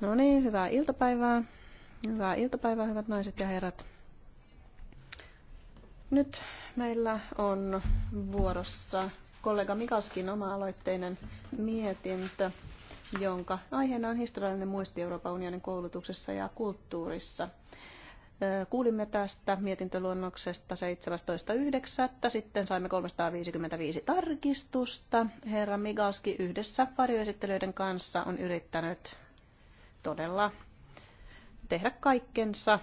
No niin, hyvää iltapäivää. Hyvää iltapäivää, hyvät naiset ja herrat. Nyt meillä on vuorossa kollega Mikaskin oma-aloitteinen mietintö, jonka aiheena on historiallinen muisti Euroopan unionin koulutuksessa ja kulttuurissa. Kuulimme tästä mietintöluonnoksesta 17.9. Sitten saimme 355 tarkistusta. Herra Migalski yhdessä varjoesittelyiden kanssa on yrittänyt todella tehdä kaikkensa,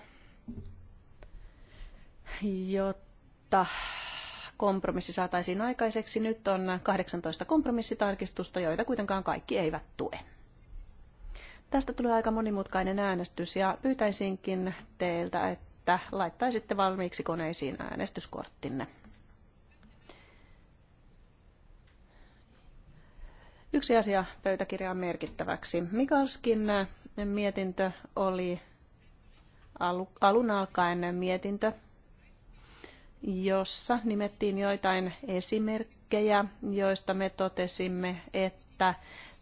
jotta kompromissi saataisiin aikaiseksi. Nyt on 18 kompromissitarkistusta, joita kuitenkaan kaikki eivät tue. Tästä tulee aika monimutkainen äänestys ja pyytäisinkin teiltä, että laittaisitte valmiiksi koneisiin äänestyskorttinne. Yksi asia pöytäkirjaan merkittäväksi. Mikalskin mietintö oli alun alkaen mietintö, jossa nimettiin joitain esimerkkejä, joista me totesimme, että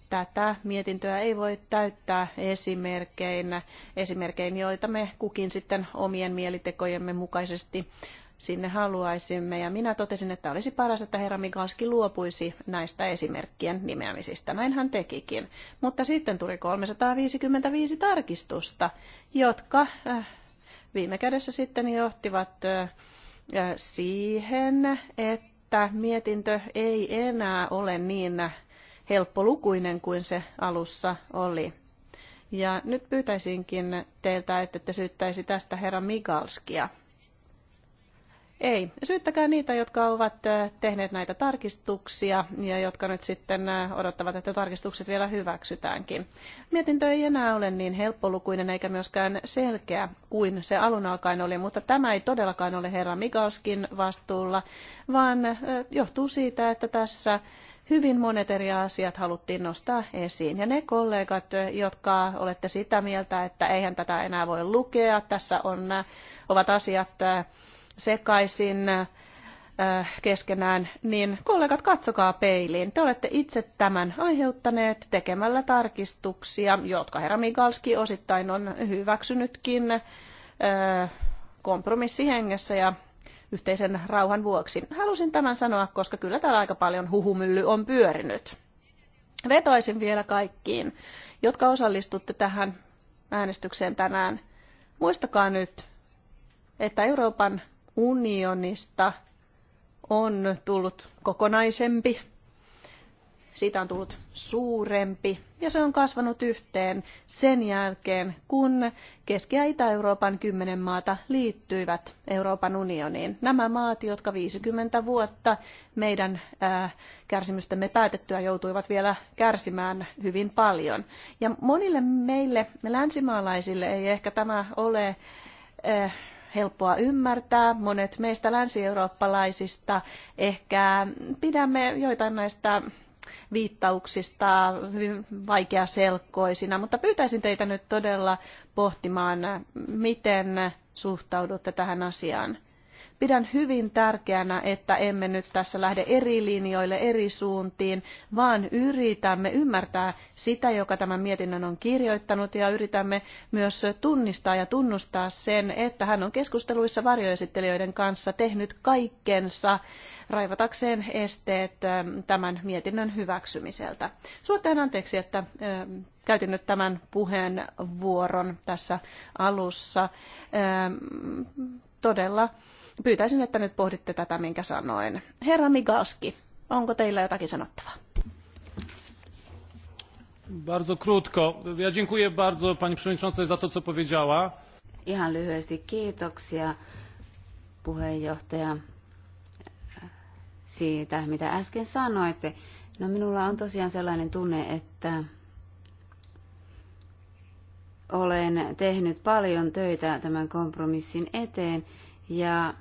tätä mietintöä ei voi täyttää esimerkkeinä esimerkkein joita me kukin sitten omien mielitekojemme mukaisesti sinne haluaisimme. Ja minä totesin, että olisi paras, että herra Migalski luopuisi näistä esimerkkien nimeämisistä. Näin hän tekikin. Mutta sitten tuli 355 tarkistusta, jotka äh, viime kädessä sitten johtivat äh, siihen, että mietintö ei enää ole niin helppolukuinen kuin se alussa oli. Ja nyt pyytäisinkin teiltä, että te syyttäisi tästä herra Migalskia. Ei. Syyttäkää niitä, jotka ovat tehneet näitä tarkistuksia ja jotka nyt sitten odottavat, että tarkistukset vielä hyväksytäänkin. Mietintö ei enää ole niin helppolukuinen eikä myöskään selkeä kuin se alun alkaen oli, mutta tämä ei todellakaan ole herra Mikalskin vastuulla, vaan johtuu siitä, että tässä hyvin monet eri asiat haluttiin nostaa esiin. Ja ne kollegat, jotka olette sitä mieltä, että eihän tätä enää voi lukea, tässä on, ovat asiat sekaisin äh, keskenään, niin kollegat, katsokaa peiliin. Te olette itse tämän aiheuttaneet tekemällä tarkistuksia, jotka herra Migalski osittain on hyväksynytkin äh, kompromissihengessä ja yhteisen rauhan vuoksi. Halusin tämän sanoa, koska kyllä täällä aika paljon huhumylly on pyörinyt. Vetoisin vielä kaikkiin, jotka osallistutte tähän äänestykseen tänään. Muistakaa nyt, että Euroopan unionista on tullut kokonaisempi, siitä on tullut suurempi ja se on kasvanut yhteen sen jälkeen, kun Keski- ja Itä-Euroopan kymmenen maata liittyivät Euroopan unioniin. Nämä maat, jotka 50 vuotta meidän ää, äh, kärsimystämme päätettyä joutuivat vielä kärsimään hyvin paljon. Ja monille meille, me länsimaalaisille, ei ehkä tämä ole... Ää, äh, helppoa ymmärtää. Monet meistä länsieurooppalaisista ehkä pidämme joitain näistä viittauksista hyvin vaikeaselkkoisina, mutta pyytäisin teitä nyt todella pohtimaan, miten suhtaudutte tähän asiaan. Pidän hyvin tärkeänä, että emme nyt tässä lähde eri linjoille, eri suuntiin, vaan yritämme ymmärtää sitä, joka tämän mietinnön on kirjoittanut, ja yritämme myös tunnistaa ja tunnustaa sen, että hän on keskusteluissa varjoesittelijöiden kanssa tehnyt kaikkensa raivatakseen esteet ähm, tämän mietinnön hyväksymiseltä. Suoteen anteeksi, että ähm, käytin nyt tämän puheenvuoron tässä alussa. Ähm, todella Pyytäisin, että nyt pohditte tätä, minkä sanoin. Herra Migalski, onko teillä jotakin sanottavaa? Bardzo krótko. Ja dziękuję bardzo pani przewodniczącej za to, co powiedziała. Ihan lyhyesti kiitoksia puheenjohtaja siitä, mitä äsken sanoitte. No minulla on tosiaan sellainen tunne, että olen tehnyt paljon töitä tämän kompromissin eteen ja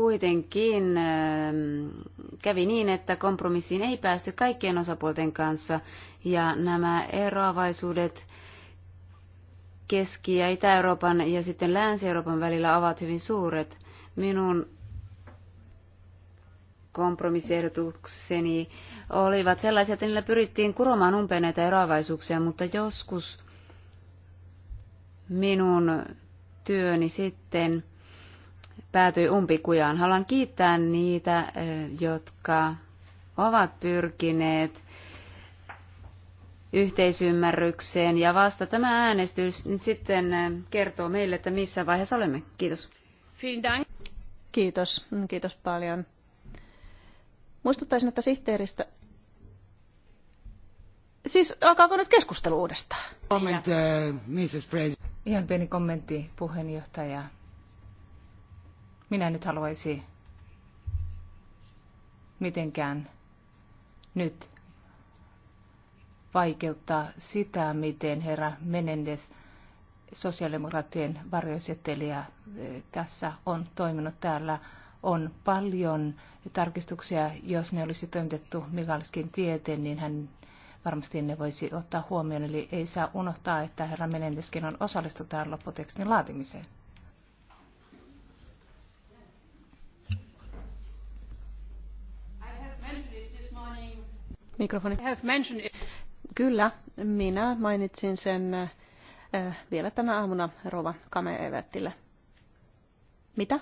kuitenkin ähm, kävi niin, että kompromissiin ei päästy kaikkien osapuolten kanssa ja nämä eroavaisuudet Keski- ja Itä-Euroopan ja sitten Länsi-Euroopan välillä ovat hyvin suuret. Minun kompromissiehdotukseni olivat sellaisia, että niillä pyrittiin kuromaan umpeen näitä eroavaisuuksia, mutta joskus minun työni sitten päätyi umpikujaan. Haluan kiittää niitä, jotka ovat pyrkineet yhteisymmärrykseen ja vasta tämä äänestys nyt sitten kertoo meille, että missä vaiheessa olemme. Kiitos. Kiitos. Mm, kiitos paljon. Muistuttaisin, että sihteeristä... Siis alkaako nyt keskustelu uudestaan? Comment, uh, Mrs. President. Ihan pieni kommentti puheenjohtaja minä nyt haluaisi mitenkään nyt vaikeuttaa sitä, miten herra Menendez sosiaalidemokraattien varjoesittelijä eh, tässä on toiminut täällä. On paljon tarkistuksia, jos ne olisi toimitettu Mikalskin tieteen, niin hän varmasti ne voisi ottaa huomioon. Eli ei saa unohtaa, että herra Menendeskin on osallistunut tähän lopputekstin laatimiseen. Mikrofoni. Kyllä, minä mainitsin sen eh, vielä tänä aamuna Rova Kame Evertille. Mitä?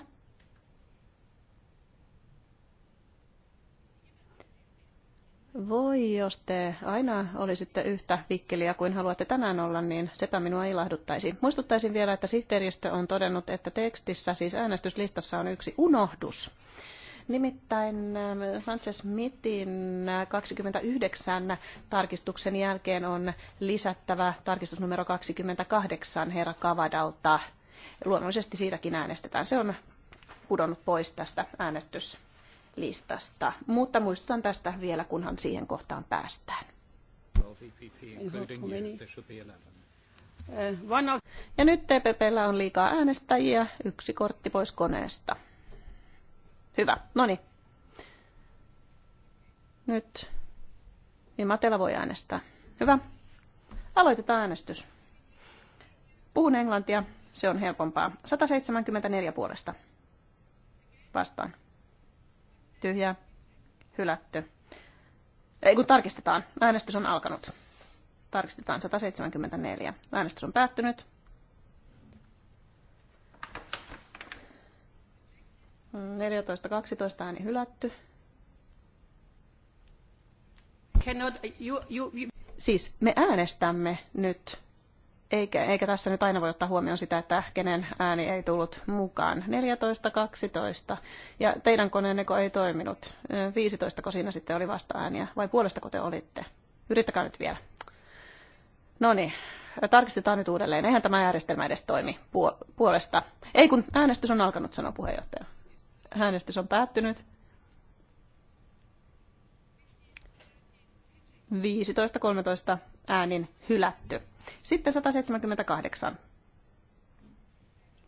Voi, jos te aina olisitte yhtä vikkeliä kuin haluatte tänään olla, niin sepä minua ilahduttaisi. Muistuttaisin vielä, että sihteeristö on todennut, että tekstissä, siis äänestyslistassa on yksi unohdus. Nimittäin ähm, Sanchez-Mitin 29 äh, tarkistuksen jälkeen on lisättävä tarkistus numero 28 herra Kavadalta. Luonnollisesti siitäkin äänestetään. Se on pudonnut pois tästä äänestyslistasta. Mutta muistutan tästä vielä, kunhan siihen kohtaan päästään. Ja nyt TPPllä e on liikaa äänestäjiä, yksi kortti pois koneesta. Hyvä, no niin. Nyt Imatella voi äänestää. Hyvä. Aloitetaan äänestys. Puhun englantia, se on helpompaa. 174 puolesta. Vastaan. Tyhjä. Hylätty. Ei kun tarkistetaan. Äänestys on alkanut. Tarkistetaan 174. Äänestys on päättynyt. 14.12 ääni hylätty. Cannot, you, you, you... Siis me äänestämme nyt, eikä, eikä tässä nyt aina voi ottaa huomioon sitä, että kenen ääni ei tullut mukaan. 14.12. Ja teidän koneenne ei toiminut. 15, kun siinä sitten oli vasta-ääniä. Vai kun te olitte? Yrittäkää nyt vielä. No niin, tarkistetaan nyt uudelleen. Eihän tämä järjestelmä edes toimi puolesta. Ei kun äänestys on alkanut, sanoo puheenjohtaja. Äänestys on päättynyt. 15-13 äänin hylätty. Sitten 178.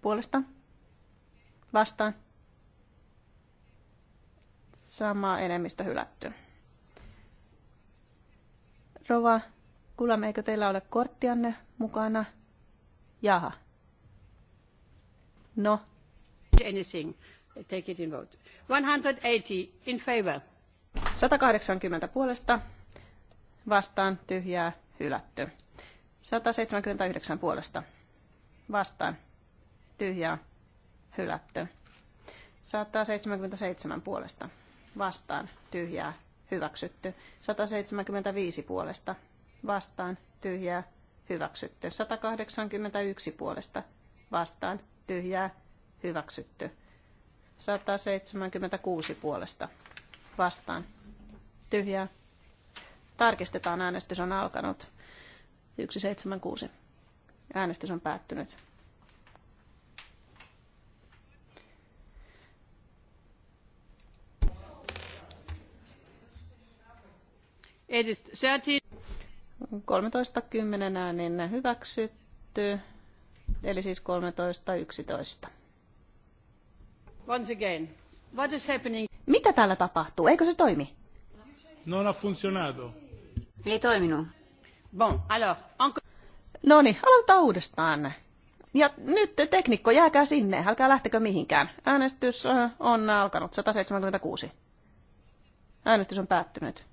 Puolesta. Vastaan. Sama enemmistö hylätty. Rova Kulam, eikö teillä ole korttianne mukana? Jaha. No. Anything take in 180 in favor. 180 puolesta vastaan tyhjää hylätty. sataseitsemänkymmentäyhdeksän puolesta vastaan tyhjää hylätty. sataseitsemänkymmentäseitsemän puolesta vastaan tyhjää hyväksytty. sataseitsemänkymmentäviisi puolesta vastaan tyhjää hyväksytty. 181 puolesta vastaan tyhjää hyväksytty. 176 puolesta vastaan. Tyhjää. Tarkistetaan, äänestys on alkanut. 176. Äänestys on päättynyt. Edist 13.10 äänin hyväksytty, eli siis 13.11. Once again, what is happening? Mitä täällä tapahtuu? Eikö se toimi? Non ha funzionato. Ei toiminut. Bon, alors, encore... No niin, aloitetaan uudestaan. Ja nyt teknikko, jääkää sinne, älkää lähtekö mihinkään. Äänestys äh, on alkanut, 176. Äänestys on päättynyt.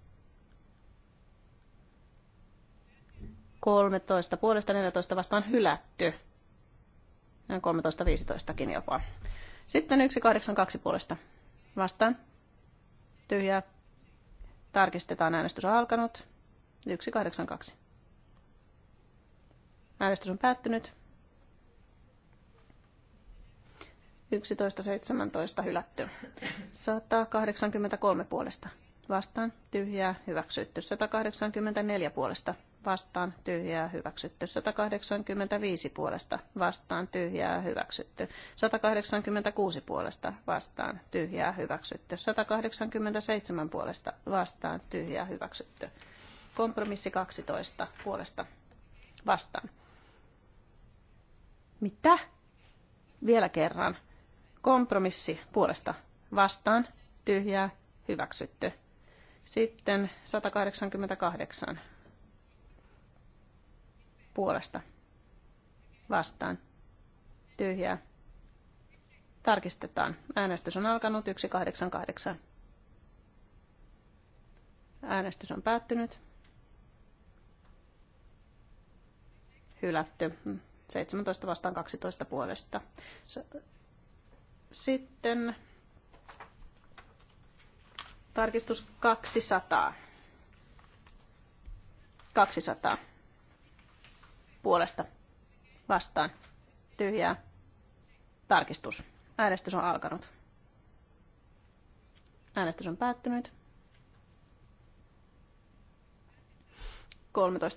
13, puolesta 14 vastaan hylätty. 13, 15kin jopa. Sitten 182 puolesta. Vastaan. Tyhjää. Tarkistetaan äänestys on alkanut. 182. Äänestys on päättynyt. 11.17 hylätty. 183 puolesta. Vastaan. Tyhjää. Hyväksytty. 184 puolesta vastaan tyhjää hyväksytty. 185 puolesta vastaan tyhjää hyväksytty. 186 puolesta vastaan tyhjää hyväksytty. 187 puolesta vastaan tyhjää hyväksytty. Kompromissi 12 puolesta vastaan. Mitä? Vielä kerran. Kompromissi puolesta vastaan tyhjää hyväksytty. Sitten 188 puolesta vastaan. Tyhjää. Tarkistetaan. Äänestys on alkanut 188. Äänestys on päättynyt. Hylätty. 17 vastaan 12 puolesta. Sitten tarkistus 200. 200 puolesta vastaan tyhjää tarkistus. Äänestys on alkanut. Äänestys on päättynyt.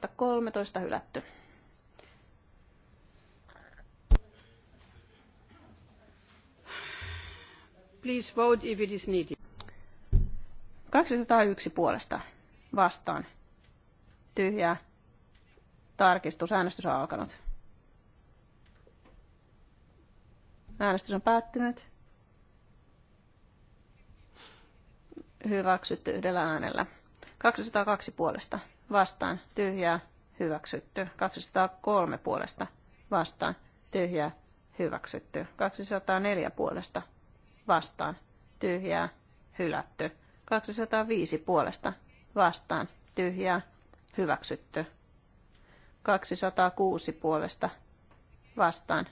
13.13 13, hylätty. Please vote if it is needed. 201 puolesta vastaan. Tyhjää tarkistus. Äänestys on alkanut. Äänestys on päättynyt. Hyväksytty yhdellä äänellä. 202 puolesta vastaan tyhjää hyväksytty. 203 puolesta vastaan tyhjää hyväksytty. 204 puolesta vastaan tyhjää hylätty. 205 puolesta vastaan tyhjää hyväksytty. 206 puolesta vastaan.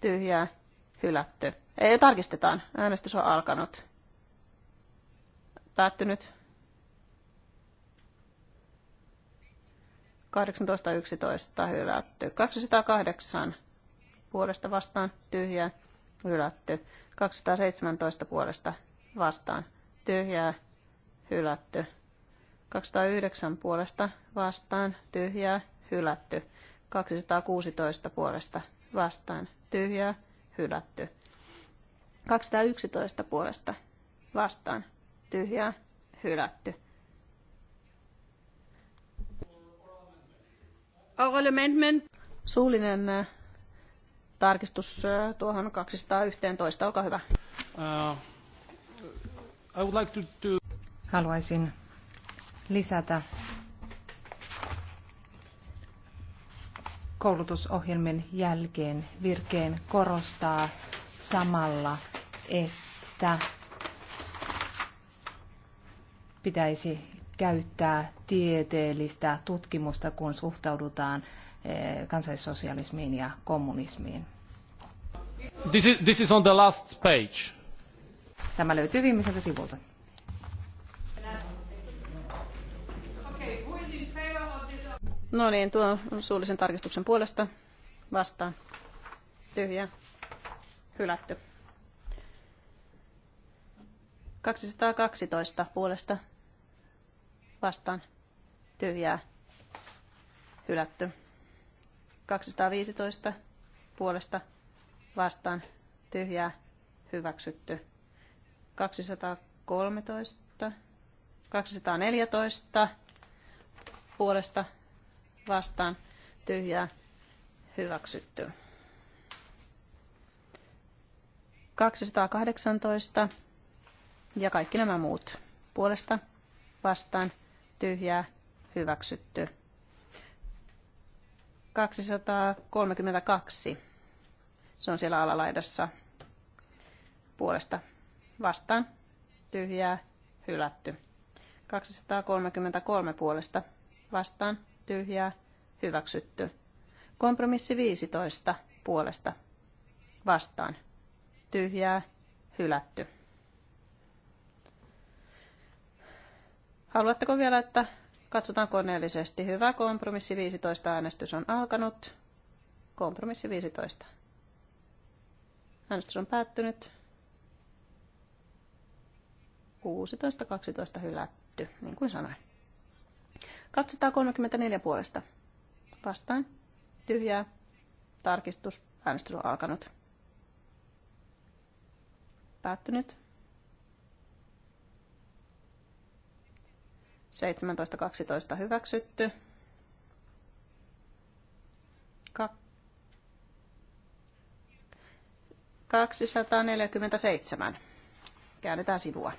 Tyhjää, hylätty. Ei, tarkistetaan. Äänestys on alkanut. Päättynyt. 18.11 hylätty. 208 puolesta vastaan tyhjää hylätty. 217 puolesta vastaan tyhjää hylätty. 209 puolesta vastaan tyhjää hylätty. 216 puolesta vastaan tyhjää, hylätty. 211 puolesta vastaan tyhjää, hylätty. Oral amendment. Suullinen äh, tarkistus äh, tuohon 211, olkaa hyvä. Uh, I would like to to... Haluaisin lisätä koulutusohjelmien jälkeen virkeen korostaa samalla, että pitäisi käyttää tieteellistä tutkimusta, kun suhtaudutaan eh, kansallissosialismiin ja kommunismiin. This is, this is on the last page. Tämä löytyy viimeiseltä sivulta. No niin, tuon suullisen tarkistuksen puolesta vastaan. Tyhjä. Hylätty. 212 puolesta vastaan. Tyhjää. Hylätty. 215 puolesta vastaan. Tyhjää. Hyväksytty. 213. 214 puolesta vastaan tyhjää hyväksytty. 218 ja kaikki nämä muut puolesta vastaan tyhjää hyväksytty. 232. Se on siellä alalaidassa puolesta vastaan tyhjää hylätty. 233 puolesta vastaan tyhjää, hyväksytty. Kompromissi 15 puolesta vastaan, tyhjää, hylätty. Haluatteko vielä, että katsotaan koneellisesti? Hyvä, kompromissi 15 äänestys on alkanut. Kompromissi 15. Äänestys on päättynyt. 16-12 hylätty, niin kuin sanoin. 234 puolesta. Vastaan. Tyhjää. Tarkistus. Äänestys on alkanut. Päättynyt. 17.12 hyväksytty. Ka- 247. Käännetään sivua.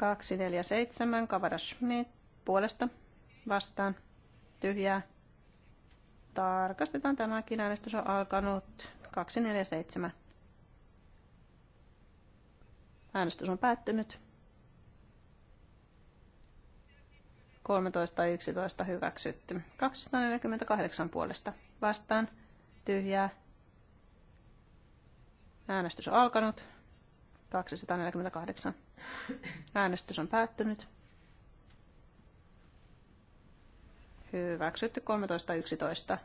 247, Kavada Schmidt puolesta vastaan tyhjää. Tarkastetaan tämäkin äänestys on alkanut. 247. Äänestys on päättynyt. 11 hyväksytty. 248 puolesta vastaan tyhjää. Äänestys on alkanut. 248. Äänestys on päättynyt. Hyväksytty 13.11.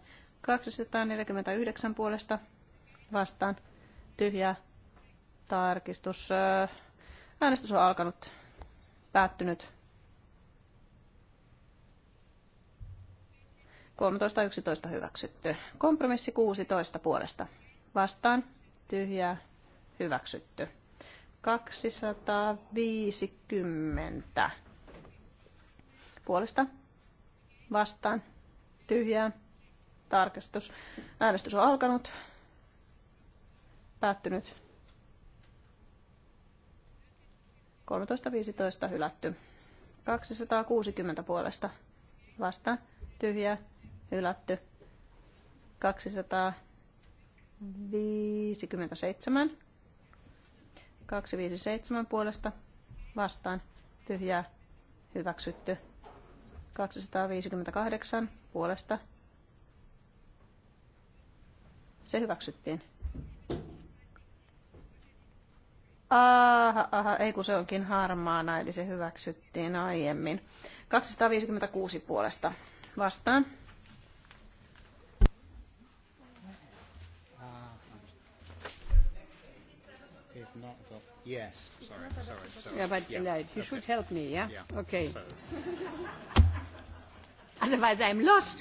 249 puolesta vastaan. Tyhjä tarkistus. Äänestys on alkanut. Päättynyt. 13.11 hyväksytty. Kompromissi 16 puolesta. Vastaan. Tyhjää. Hyväksytty. 250. Puolesta vastaan tyhjää tarkastus. Äänestys on alkanut. Päättynyt. 13.15 hylätty. 260 puolesta Vasta. Tyhjä. hylätty. 257 257 puolesta vastaan tyhjää hyväksytty. 258 puolesta. Se hyväksyttiin. Aha, aha, ei kun se onkin harmaana, eli se hyväksyttiin aiemmin. 256 puolesta vastaan. If not adopted. Yes. Sorry. Sorry. Sorry. Yeah, but yeah. No, you okay. should help me, yeah? yeah. Okay. So. Otherwise I'm lost.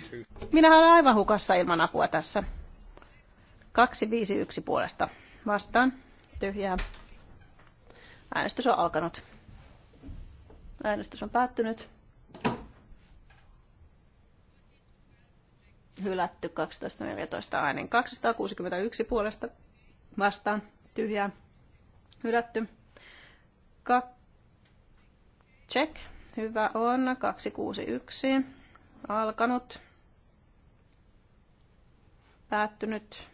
Minä olen aivan hukassa ilman apua tässä. 251 puolesta. Vastaan. Tyhjää. Äänestys on alkanut. Äänestys on päättynyt. Hylätty 12.14 äänen 261 puolesta vastaan tyhjää hylätty. Ka- check, hyvä on, 261, alkanut, päättynyt,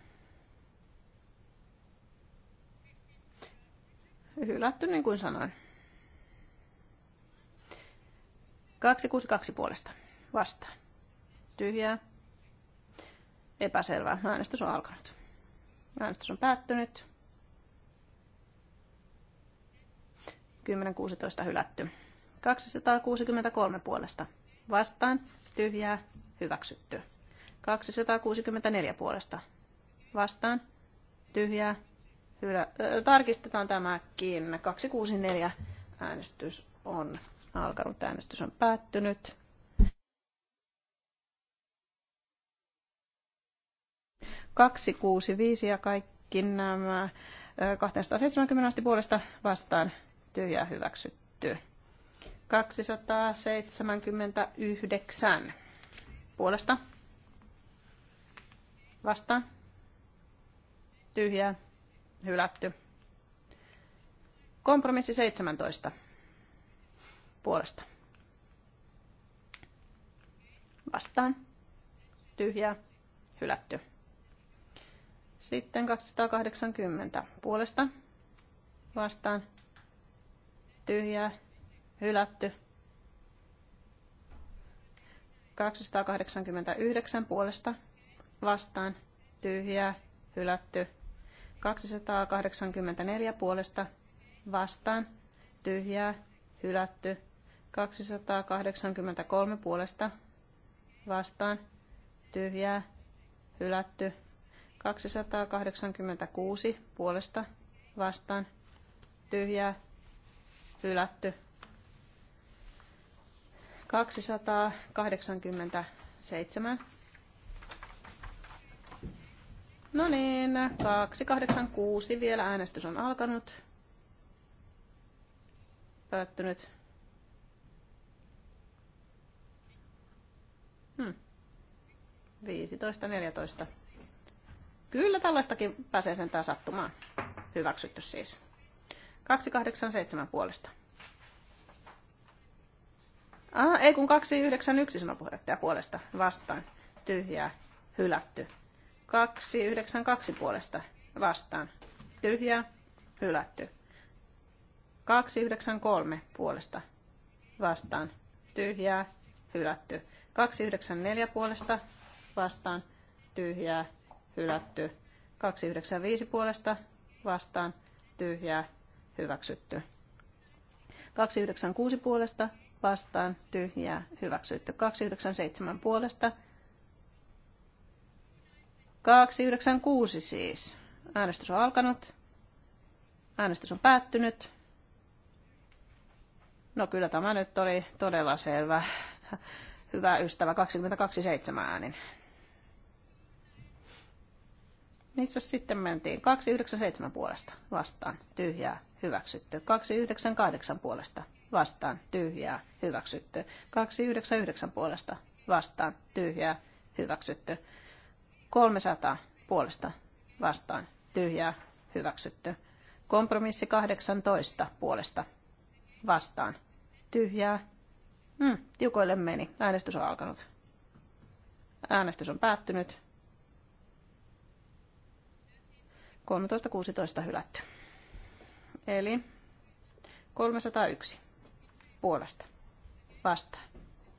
hylätty niin kuin sanoin. 262 puolesta. Vastaan. Tyhjää. Epäselvää. Äänestys on alkanut. Äänestys on päättynyt. 10.16 hylätty. 263 puolesta. Vastaan. Tyhjää. Hyväksytty. 264 puolesta. Vastaan. Tyhjää. Hylä... Tarkistetaan tämäkin. 264 äänestys on alkanut. Äänestys on päättynyt. Kaksi, kuusi, viisi ja kaikki nämä 270 asti puolesta vastaan ja hyväksytty. 279 puolesta vastaan tyhjää hylätty. Kompromissi 17 puolesta vastaan tyhjää hylätty. Sitten 280 puolesta vastaan tyhjää, hylätty. 289 puolesta vastaan, tyhjää, hylätty. 284 puolesta vastaan, tyhjää, hylätty. 283 puolesta vastaan, tyhjää, hylätty. 286 puolesta vastaan, tyhjää, hylätty. 287. No niin, 286 vielä äänestys on alkanut. Päättynyt. Hmm. 15, 14. Kyllä tällaistakin pääsee sentään sattumaan. Hyväksytty siis. 287 puolesta. Ah, ei kun 291 puheenjohtaja puolesta vastaan. Tyhjää, hylätty. 292 puolesta vastaan. Tyhjää, hylätty. 293 puolesta vastaan. Tyhjää, hylätty. 294 puolesta vastaan. Tyhjää, hylätty. 295 puolesta vastaan. Tyhjää, hyväksytty. 296 puolesta vastaan tyhjää hyväksytty. 297 puolesta 296 siis. Äänestys on alkanut. Äänestys on päättynyt. No kyllä tämä nyt oli todella selvä. Hyvä ystävä, 22.7 äänin niissä sitten mentiin? 297 puolesta vastaan, tyhjää, hyväksytty. 298 puolesta vastaan, tyhjää, hyväksytty. 299 puolesta vastaan, tyhjää, hyväksytty. 300 puolesta vastaan, tyhjää, hyväksytty. Kompromissi 18 puolesta vastaan, tyhjää. Hmm, tiukoille meni. Äänestys on alkanut. Äänestys on päättynyt. 13.16 hylätty. Eli 301 puolesta vastaan.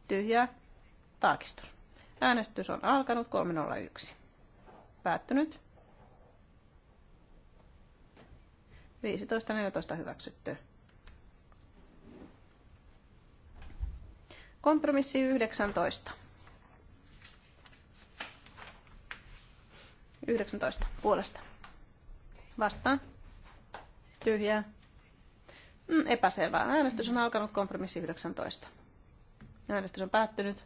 Tyhjää. taakistus Äänestys on alkanut 301. Päättynyt. 15.14 hyväksytty. Kompromissi 19. 19 puolesta Vastaan. Tyhjää. Mm, epäselvää. Äänestys on alkanut kompromissi 19. Äänestys on päättynyt.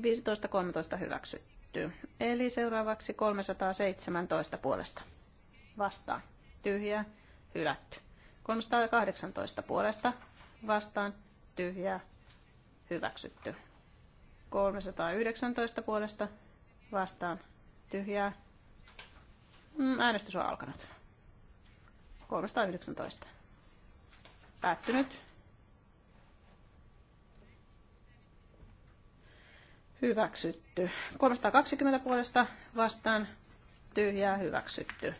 15.13 hyväksytty. Eli seuraavaksi 317 puolesta. Vastaan. Tyhjää. Hylätty. 318 puolesta. Vastaan. Tyhjää. Hyväksytty. 319 puolesta. Vastaan tyhjää. Mm, äänestys on alkanut. 319. Päättynyt. Hyväksytty. 320 puolesta vastaan tyhjää hyväksytty.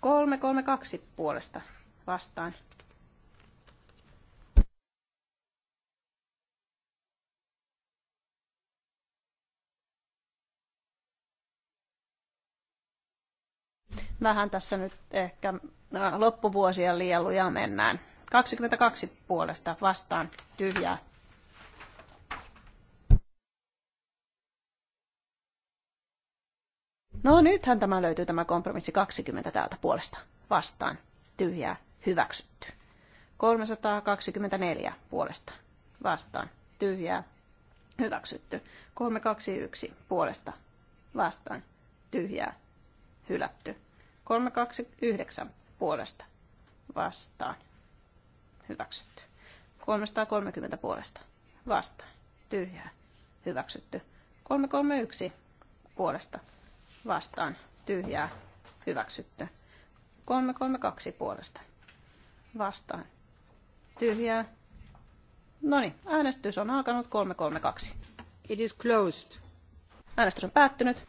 332 puolesta vastaan vähän tässä nyt ehkä äh, loppuvuosia liian lujaa mennään. 22 puolesta vastaan tyhjää. No nythän tämä löytyy tämä kompromissi 20 täältä puolesta vastaan tyhjää hyväksytty. 324 puolesta vastaan tyhjää hyväksytty. 321 puolesta vastaan tyhjää hylätty. 329 puolesta vastaan. Hyväksytty. 330 puolesta vastaan. Tyhjää. Hyväksytty. 331 puolesta vastaan. Tyhjää. Hyväksytty. 332 puolesta vastaan. Tyhjää. No niin, äänestys on alkanut 332. It is closed. Äänestys on päättynyt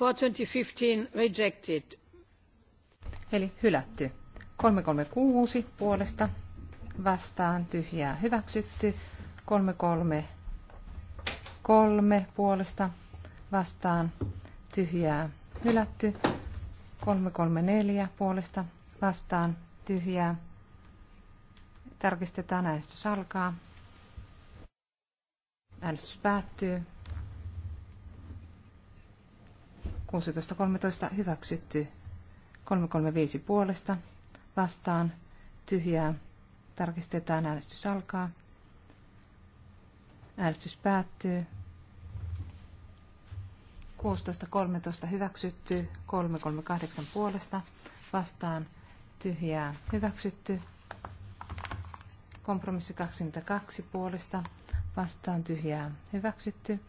for 2015 rejected. Eli hylätty. 336 puolesta vastaan tyhjää hyväksytty. 333 puolesta vastaan tyhjää hylätty. 334 puolesta vastaan tyhjää. Tarkistetaan äänestys alkaa. Äänestys päättyy. 16.13 hyväksytty. 335 puolesta vastaan tyhjää. Tarkistetaan äänestys alkaa. Äänestys päättyy. 16.13 hyväksytty, 338 puolesta, vastaan tyhjää hyväksytty, kompromissi 22 puolesta, vastaan tyhjää hyväksytty,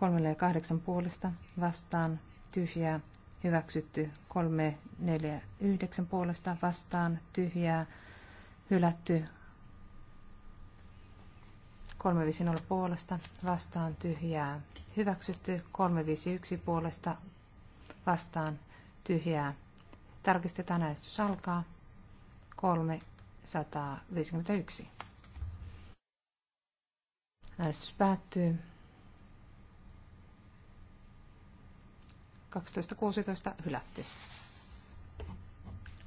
kolmelle ja kahdeksan puolesta vastaan tyhjää hyväksytty kolme neljä yhdeksän puolesta vastaan tyhjää hylätty nolla puolesta vastaan tyhjää hyväksytty kolme viisi yksi puolesta vastaan tyhjää. Tarkistetaan äänestys alkaa 351. Äänestys päättyy. 12.16 hylätty.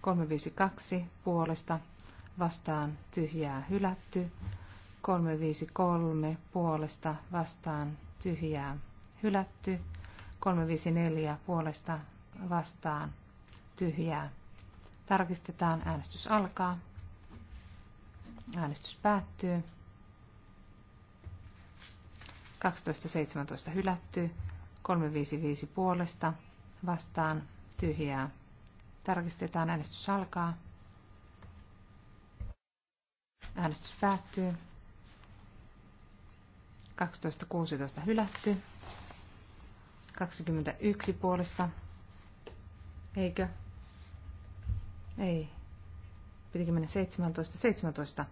352 puolesta vastaan tyhjää hylätty. 353 puolesta vastaan tyhjää hylätty. 354 puolesta vastaan tyhjää. Tarkistetaan, äänestys alkaa. Äänestys päättyy. 12.17 hylätty. 355 puolesta vastaan tyhjää. Tarkistetaan, äänestys alkaa. Äänestys päättyy. 12.16 hylätty. 21 puolesta. Eikö? Ei. Pitikö mennä 17? 17.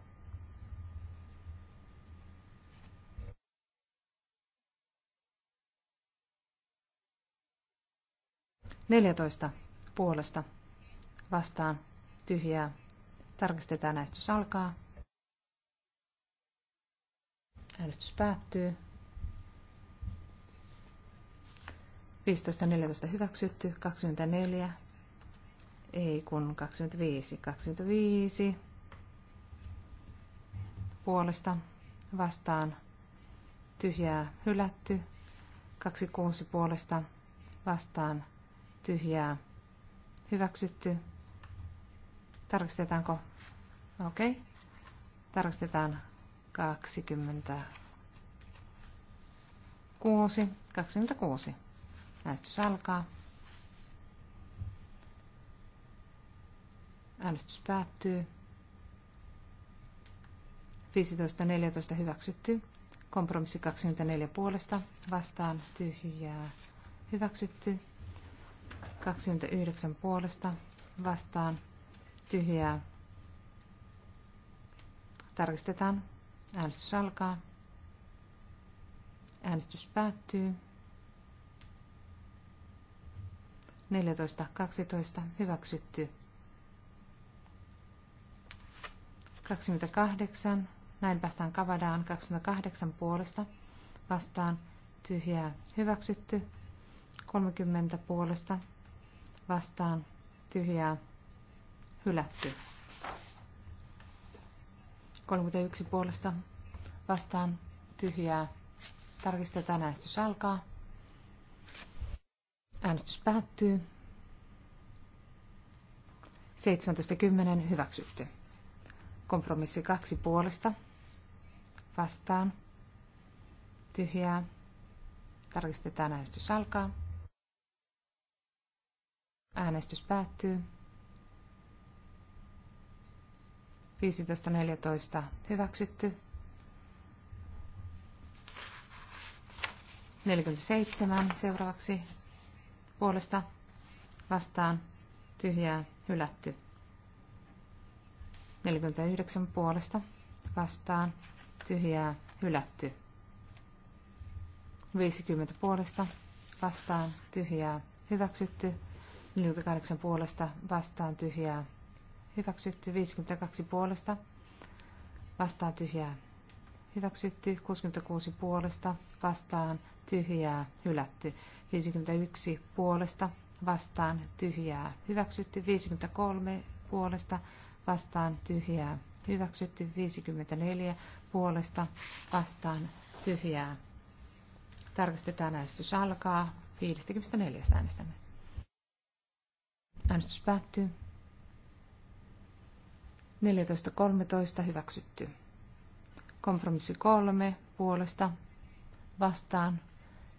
14 puolesta vastaan tyhjää. Tarkistetaan äänestys alkaa. Äänestys päättyy. 15.14 hyväksytty, 24, ei kun 25, 25 puolesta vastaan tyhjää hylätty, 26 puolesta vastaan tyhjää hyväksytty. Tarkistetaanko? Okei. Okay. Tarkistetaan 26. 26. Äänestys alkaa. Äänestys päättyy. 15.14 hyväksytty. Kompromissi 24 puolesta. Vastaan tyhjää. Hyväksytty. 29 puolesta vastaan tyhjää. Tarkistetaan. Äänestys alkaa. Äänestys päättyy. 14.12. Hyväksytty. 28. Näin päästään Kavadaan 28 puolesta. Vastaan tyhjää hyväksytty. 30 puolesta vastaan tyhjää hylätty. 31 puolesta vastaan tyhjää. Tarkistetaan äänestys alkaa. Äänestys päättyy. 17.10 hyväksytty. Kompromissi 2 puolesta vastaan tyhjää. Tarkistetaan äänestys alkaa. Äänestys päättyy. 15.14 hyväksytty. 47 seuraavaksi puolesta vastaan tyhjää hylätty. 49 puolesta vastaan tyhjää hylätty. 50 puolesta vastaan tyhjää hyväksytty. 48 puolesta vastaan tyhjää. Hyväksytty 52 puolesta vastaan tyhjää. Hyväksytty 66 puolesta vastaan tyhjää. Hylätty 51 puolesta vastaan tyhjää. Hyväksytty 53 puolesta vastaan tyhjää. Hyväksytty 54 puolesta vastaan tyhjää. Tarkastetaan äänestys alkaa. 54 äänestämme. Äänestys päättyy. 14.13 hyväksytty. Kompromissi 3 puolesta vastaan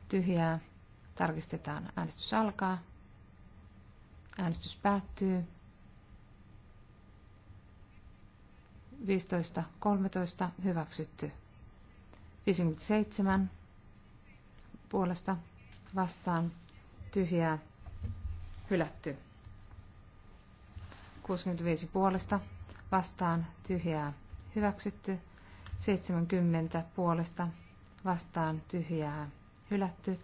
tyhjää. Tarkistetaan. Äänestys alkaa. Äänestys päättyy. 15.13 hyväksytty. 57 puolesta vastaan tyhjää hylätty. 65 puolesta vastaan tyhjää hyväksytty. 70 puolesta vastaan tyhjää hylätty.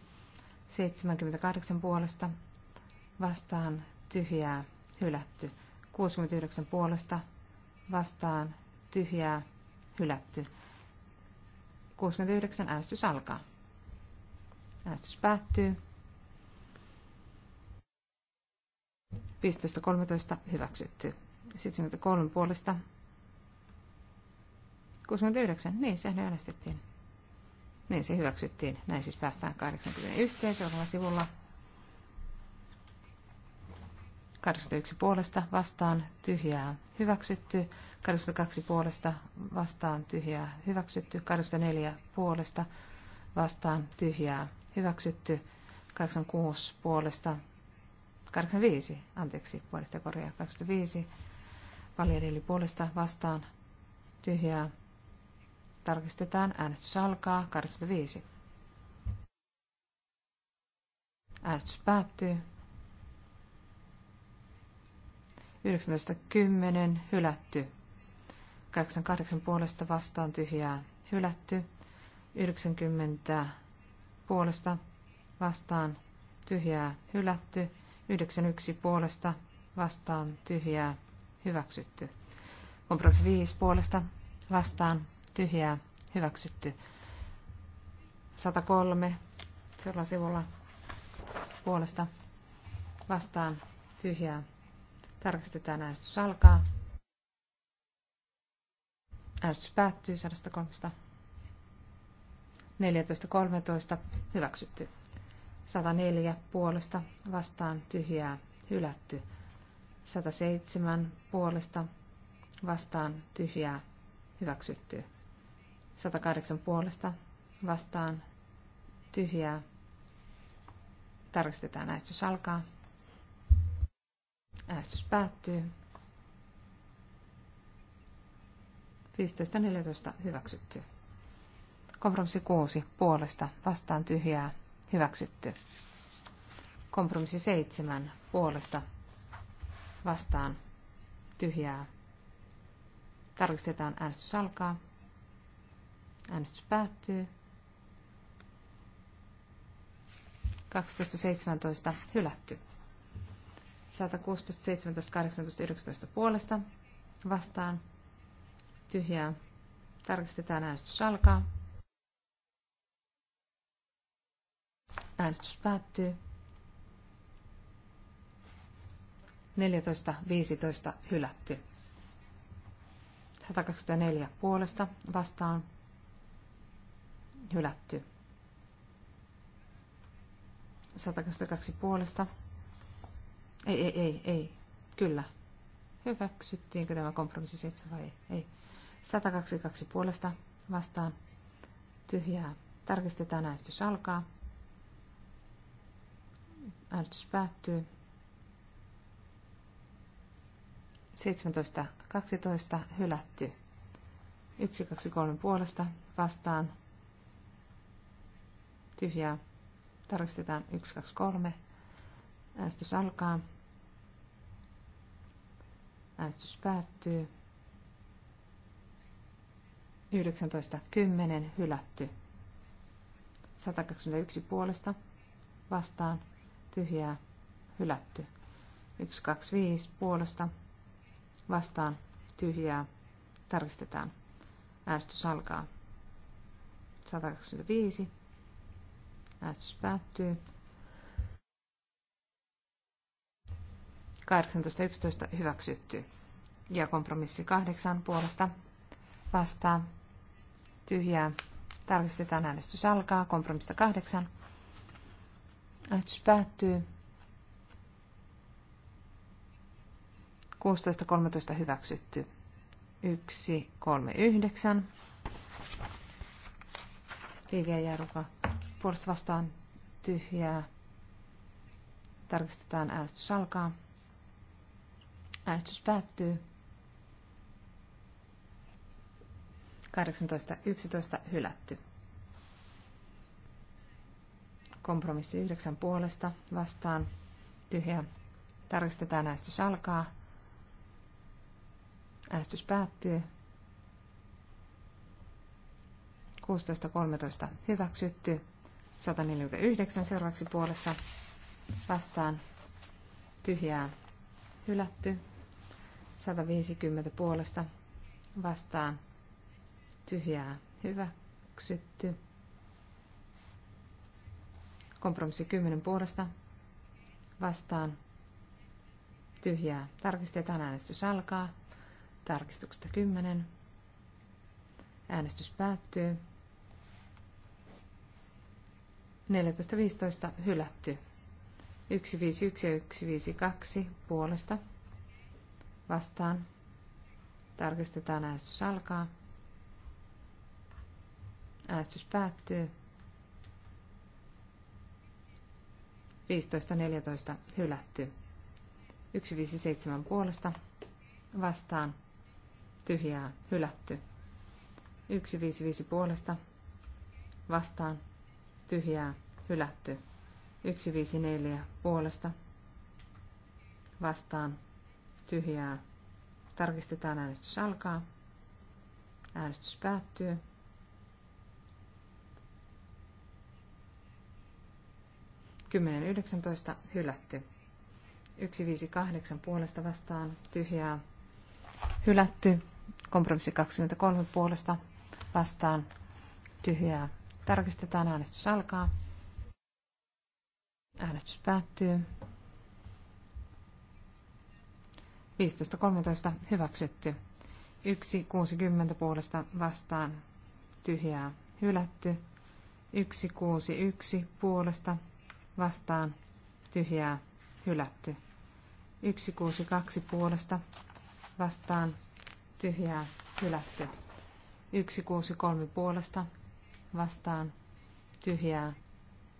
78 puolesta vastaan tyhjää hylätty. 69 puolesta vastaan tyhjää hylätty. 69 äänestys alkaa. Äänestys päättyy. 15.13 hyväksytty. 73 puolesta. 69, niin sehän äänestettiin. Niin se hyväksyttiin. Näin siis päästään 81 seuraavalla sivulla. 81 puolesta vastaan tyhjää hyväksytty. 82 puolesta vastaan tyhjää hyväksytty. 84 puolesta vastaan tyhjää hyväksytty. 86 puolesta 85, anteeksi, puolesta korjaa 25. Valjadeli puolesta vastaan tyhjää. Tarkistetaan, äänestys alkaa, 85. Äänestys päättyy. 19.10. Hylätty. 88 puolesta vastaan tyhjää. Hylätty. 90 puolesta vastaan tyhjää. Hylätty. 91 puolesta vastaan tyhjää hyväksytty. Kompromissi 5 puolesta vastaan tyhjää hyväksytty. 103 seuraavalla sivulla puolesta vastaan tyhjää. Tarkistetaan äänestys alkaa. Äänestys päättyy 103. 14.13. Hyväksytty. 104 puolesta vastaan tyhjää hylätty. 107 puolesta vastaan tyhjää hyväksytty. 108 puolesta vastaan tyhjää. Tarkistetaan äästys alkaa. Äästys päättyy. 15.14 hyväksytty. Kompromissi 6 puolesta vastaan tyhjää Hyväksytty. Kompromissi seitsemän puolesta vastaan tyhjää. Tarkistetaan äänestys alkaa. Äänestys päättyy. 12.17 hylätty. 116, 17, 18, 19 puolesta vastaan. Tyhjää. Tarkistetaan äänestys alkaa. Äänestys päättyy. 14.15 hylätty. 124 puolesta vastaan hylätty. 122 puolesta. Ei, ei, ei, ei. Kyllä. Hyväksyttiinkö tämä kompromissi 7 vai ei? Ei. 122 puolesta vastaan. Tyhjää. Tarkistetaan äänestys alkaa. Äänestys päättyy. 17.12. Hylätty. 123 puolesta vastaan. Tyhjää. Tarkistetaan 123. Äänestys alkaa. Äänestys päättyy. 19.10. Hylätty. 121 puolesta vastaan tyhjää, hylätty. 1, 2, 5 puolesta vastaan tyhjää, tarkistetaan. Äänestys alkaa. 125. Äänestys päättyy. 18.11 hyväksytty. Ja kompromissi 8 puolesta vastaan tyhjää. Tarkistetaan äänestys alkaa. Kompromissi 8. Äänestys päättyy. 16.13 hyväksytty. 1.39. Liviä Jaruka. Puolesta vastaan tyhjää. Tarkistetaan äänestys alkaa. Äänestys päättyy. 18.11 hylätty. Kompromissi yhdeksän puolesta vastaan. Tyhjä. Tarkistetaan äästys alkaa. Äästys päättyy. 16.13 hyväksytty. 149 seuraavaksi puolesta vastaan tyhjää hylätty. 150 puolesta vastaan tyhjää hyväksytty. Kompromissi 10 puolesta vastaan tyhjää. Tarkistetaan äänestys alkaa. Tarkistuksesta 10. Äänestys päättyy. 14.15 hylätty. 151 ja 152 puolesta vastaan. Tarkistetaan äänestys alkaa. Äänestys päättyy. 14.15. 15.14 hylätty. 157 puolesta vastaan tyhjää hylätty. 155 puolesta vastaan tyhjää hylätty. 154 puolesta vastaan tyhjää. Tarkistetaan äänestys alkaa. Äänestys päättyy. 10.19 hylätty. 158 puolesta vastaan tyhjää hylätty. Kompromissi 23 puolesta vastaan tyhjää. Tarkistetaan, äänestys alkaa. Äänestys päättyy. 15.13 hyväksytty. 1.60 puolesta vastaan tyhjää hylätty. 1.61 puolesta vastaan tyhjää hylätty. 162 puolesta vastaan tyhjää hylätty. 163 puolesta vastaan tyhjää.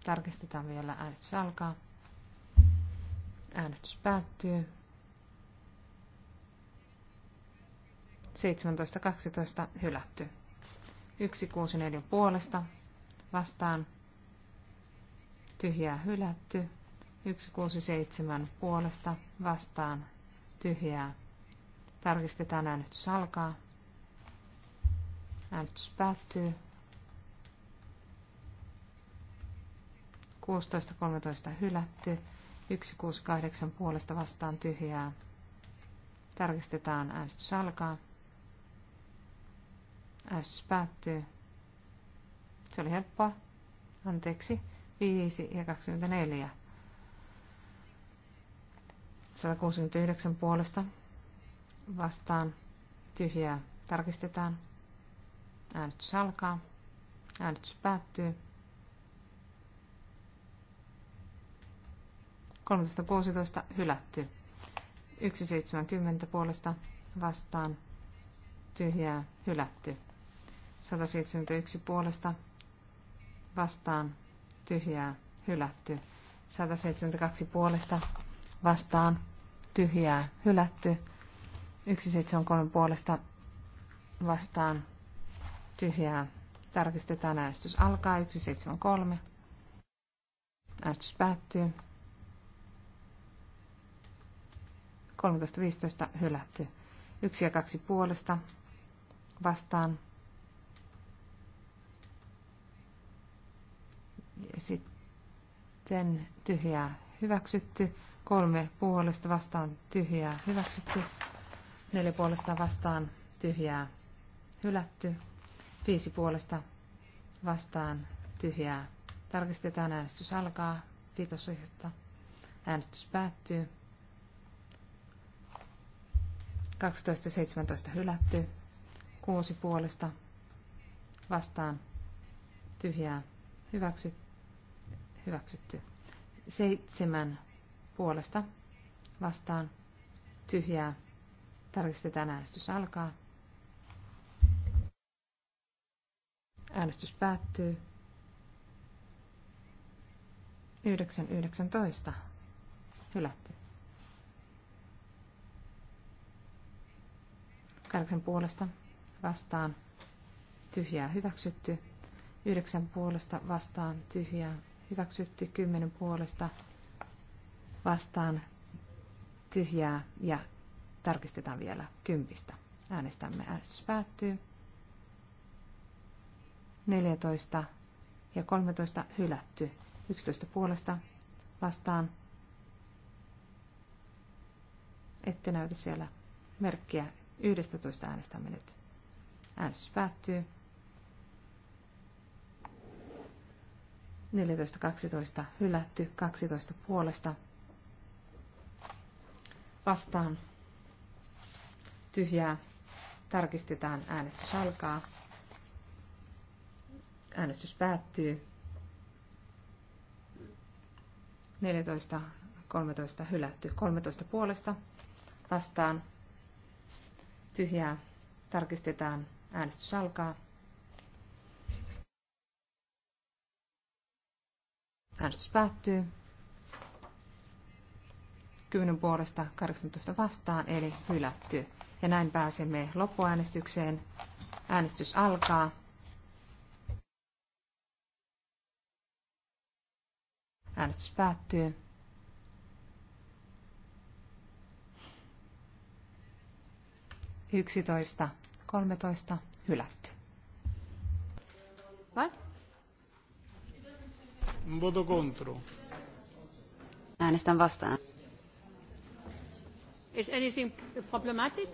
Tarkistetaan vielä äänestys alkaa. Äänestys päättyy. 17.12 hylätty. 164 puolesta vastaan tyhjää hylätty. 167 puolesta vastaan tyhjää. Tarkistetaan äänestys alkaa. Äänestys päättyy. 16.13 hylätty. 168 puolesta vastaan tyhjää. Tarkistetaan äänestys alkaa. Äänestys päättyy. Se oli helppoa. Anteeksi. 5 ja 24. 169 puolesta vastaan tyhjää tarkistetaan. Äänestys alkaa. Äänestys päättyy. 13.16 hylätty. 1.70 puolesta vastaan tyhjää hylätty. 171 puolesta vastaan tyhjää, hylätty. 172 puolesta vastaan, tyhjää, hylätty. 173 puolesta vastaan, tyhjää. Tarkistetaan äänestys alkaa, 173. Äänestys päättyy. 13.15 hylätty. 1 ja 2 puolesta vastaan, Sitten tyhjää hyväksytty. Kolme puolesta vastaan tyhjää hyväksytty. Neljä puolesta vastaan tyhjää hylätty. Viisi puolesta vastaan tyhjää. Tarkistetaan äänestys alkaa viitosesta. Äänestys päättyy. 12.17 hylätty. Kuusi puolesta vastaan tyhjää hyväksytty. Hyväksytty. Seitsemän puolesta vastaan tyhjää. Tarkistetaan äänestys alkaa. Äänestys päättyy. 9.19. Hylätty. Kahdeksan puolesta vastaan tyhjää hyväksytty. Yhdeksän puolesta vastaan tyhjää hyväksytty kymmenen puolesta vastaan tyhjää ja tarkistetaan vielä kympistä. Äänestämme. Äänestys päättyy. 14 ja 13 hylätty. 11 puolesta vastaan. Ette näytä siellä merkkiä. 11 äänestämme nyt. Äänestys päättyy. 14.12. hylätty, 12 puolesta vastaan tyhjää. Tarkistetaan, äänestys alkaa. Äänestys päättyy. 14.13. hylätty, 13 puolesta vastaan tyhjää. Tarkistetaan, äänestys alkaa. 14.13. Äänestys päättyy. 10 puolesta 18 vastaan, eli hylätty. Ja näin pääsemme loppuäänestykseen. Äänestys alkaa. Äänestys päättyy. Yksitoista, kolmetoista, hylätty. Voto contro. Äänestän vastaan. Is anything problematic?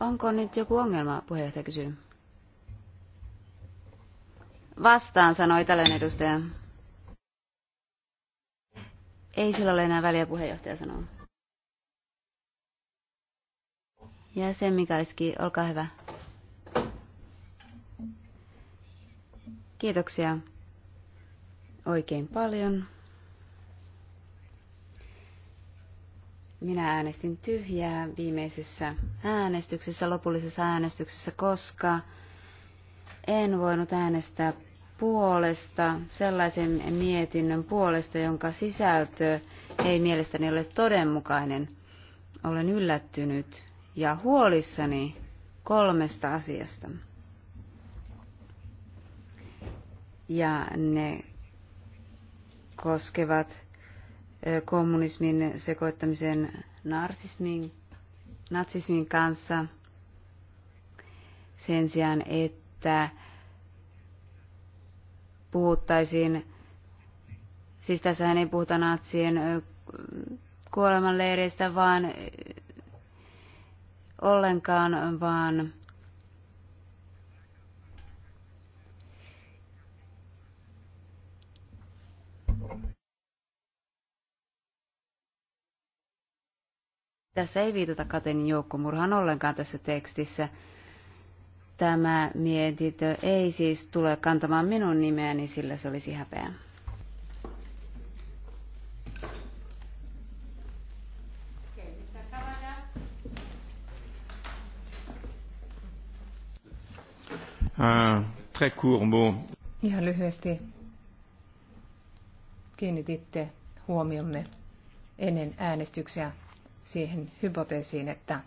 Onko nyt joku ongelma, puheenjohtaja kysyy. Vastaan, sanoi tällainen edustaja. Ei sillä ole enää väliä, puheenjohtaja sanoo. Ja se, Mikaiski, olkaa hyvä. Kiitoksia oikein paljon. Minä äänestin tyhjää viimeisessä äänestyksessä, lopullisessa äänestyksessä, koska en voinut äänestää puolesta, sellaisen mietinnön puolesta, jonka sisältö ei mielestäni ole todenmukainen. Olen yllättynyt ja huolissani kolmesta asiasta. Ja ne koskevat kommunismin sekoittamisen narsismin, natsismin kanssa sen sijaan, että puhuttaisiin, siis tässähän ei puhuta natsien kuolemanleireistä, vaan ollenkaan, vaan Tässä ei viitata Katenin joukkomurhaan ollenkaan tässä tekstissä. Tämä mietintö ei siis tule kantamaan minun nimeäni, sillä se olisi häpeä. Ah, très court mot. Ihan lyhyesti kiinnititte huomiomme ennen äänestyksiä siihen hypoteesiin, että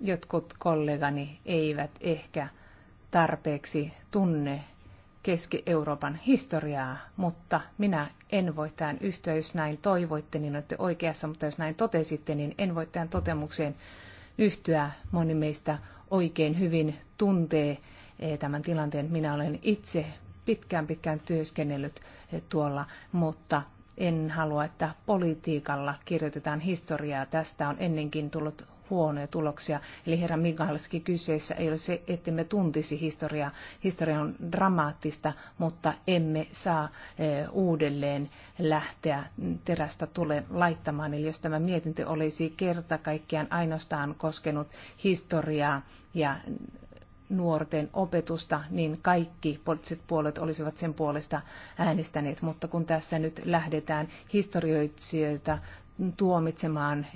jotkut kollegani eivät ehkä tarpeeksi tunne Keski-Euroopan historiaa, mutta minä en voi tähän yhtyä, jos näin toivoitte, niin olette oikeassa, mutta jos näin totesitte, niin en voi tähän totemukseen yhtyä. Moni meistä oikein hyvin tuntee eh, tämän tilanteen. Minä olen itse pitkään pitkään työskennellyt eh, tuolla, mutta en halua, että politiikalla kirjoitetaan historiaa. Tästä on ennenkin tullut huonoja tuloksia. Eli herra Mikalski kyseessä ei ole se, että me tuntisi historiaa. Historia on dramaattista, mutta emme saa eh, uudelleen lähteä terästä tulen laittamaan. Eli jos tämä mietintö olisi kerta kaikkiaan ainoastaan koskenut historiaa ja nuorten opetusta, niin kaikki poliittiset puolet olisivat sen puolesta äänestäneet. Mutta kun tässä nyt lähdetään historioitsijoita tuomitsemaan